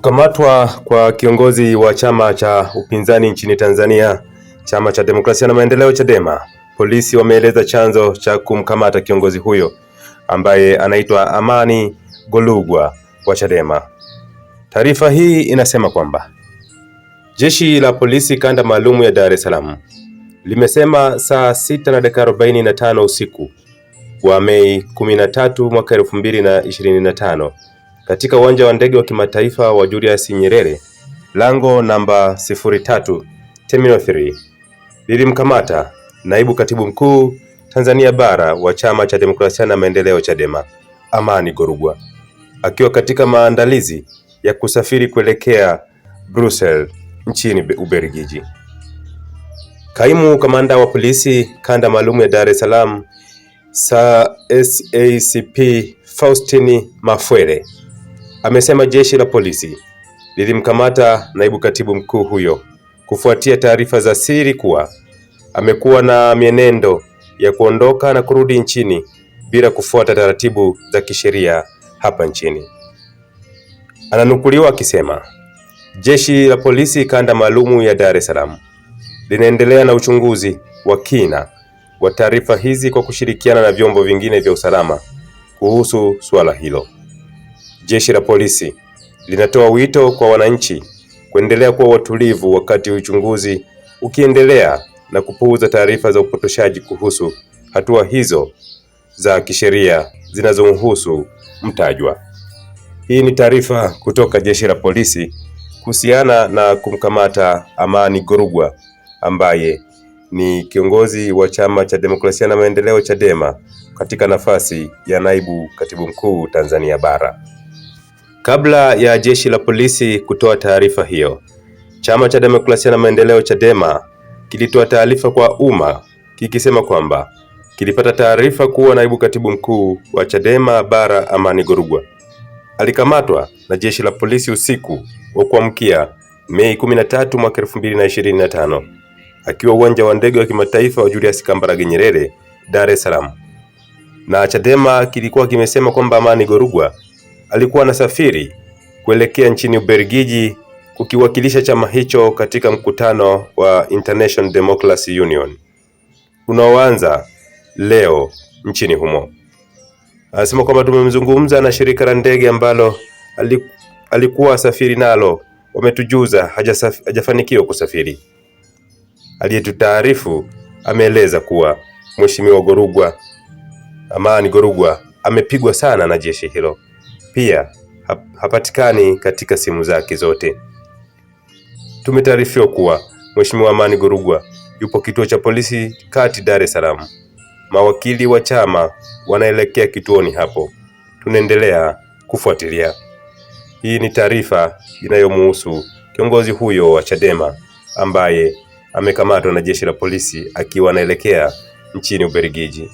Kukamatwa kwa kiongozi wa chama cha upinzani nchini Tanzania, chama cha demokrasia na maendeleo Chadema. Polisi wameeleza chanzo cha kumkamata kiongozi huyo ambaye anaitwa Amani Golugwa wa Chadema. Taarifa hii inasema kwamba jeshi la polisi kanda maalumu ya Dar es Salaam limesema saa sita na dakika arobaini na tano usiku wa Mei 13 mwaka 2025 katika uwanja wa ndege wa kimataifa wa Julius Nyerere, lango namba 03 Terminal 3. Lilimkamata naibu katibu mkuu Tanzania bara wa chama cha demokrasia na maendeleo Chadema, Amani Gorugwa akiwa katika maandalizi ya kusafiri kuelekea Brussels nchini Ubelgiji. Kaimu kamanda wa polisi kanda maalum ya Dar es Salaam SACP Faustini Mafwele amesema jeshi la polisi lilimkamata naibu katibu mkuu huyo kufuatia taarifa za siri kuwa amekuwa na mienendo ya kuondoka na kurudi nchini bila kufuata taratibu za kisheria hapa nchini. Ananukuliwa akisema jeshi la polisi kanda maalumu ya Dar es Salaam linaendelea na uchunguzi wa kina wa taarifa hizi kwa kushirikiana na vyombo vingine vya usalama kuhusu suala hilo. Jeshi la polisi linatoa wito kwa wananchi kuendelea kuwa watulivu wakati uchunguzi ukiendelea na kupuuza taarifa za upotoshaji kuhusu hatua hizo za kisheria zinazomhusu mtajwa. Hii ni taarifa kutoka jeshi la polisi kuhusiana na kumkamata Amani Gorugwa ambaye ni kiongozi wa chama cha demokrasia na maendeleo Chadema katika nafasi ya naibu katibu mkuu Tanzania bara. Kabla ya jeshi la polisi kutoa taarifa hiyo, chama cha demokrasia na maendeleo Chadema kilitoa taarifa kwa umma kikisema kwamba kilipata taarifa kuwa naibu katibu mkuu wa Chadema bara Amani Gorugwa alikamatwa na jeshi la polisi usiku wa kuamkia Mei 13 mwaka 2025 akiwa uwanja wa ndege wa kimataifa wa Julius Kambarage Nyerere, Dar es Salaam, na Chadema kilikuwa kimesema kwamba Amani Gorugwa alikuwa anasafiri kuelekea nchini Ubelgiji kukiwakilisha chama hicho katika mkutano wa International Democracy Union unaoanza leo nchini humo. Anasema kwamba tumemzungumza na shirika la ndege ambalo alikuwa asafiri nalo, wametujuza hajafanikiwa kusafiri. Aliyetutaarifu ameeleza kuwa Mheshimiwa Gorugwa Amani Gorugwa amepigwa sana na jeshi hilo pia hapatikani katika simu zake zote. Tumetaarifiwa kuwa Mheshimiwa Amani gurugwa yupo kituo cha polisi kati Dar es Salaam. Mawakili wa chama wanaelekea kituoni hapo, tunaendelea kufuatilia. Hii ni taarifa inayomuhusu kiongozi huyo wa Chadema ambaye amekamatwa na jeshi la polisi akiwa anaelekea nchini Ubelgiji.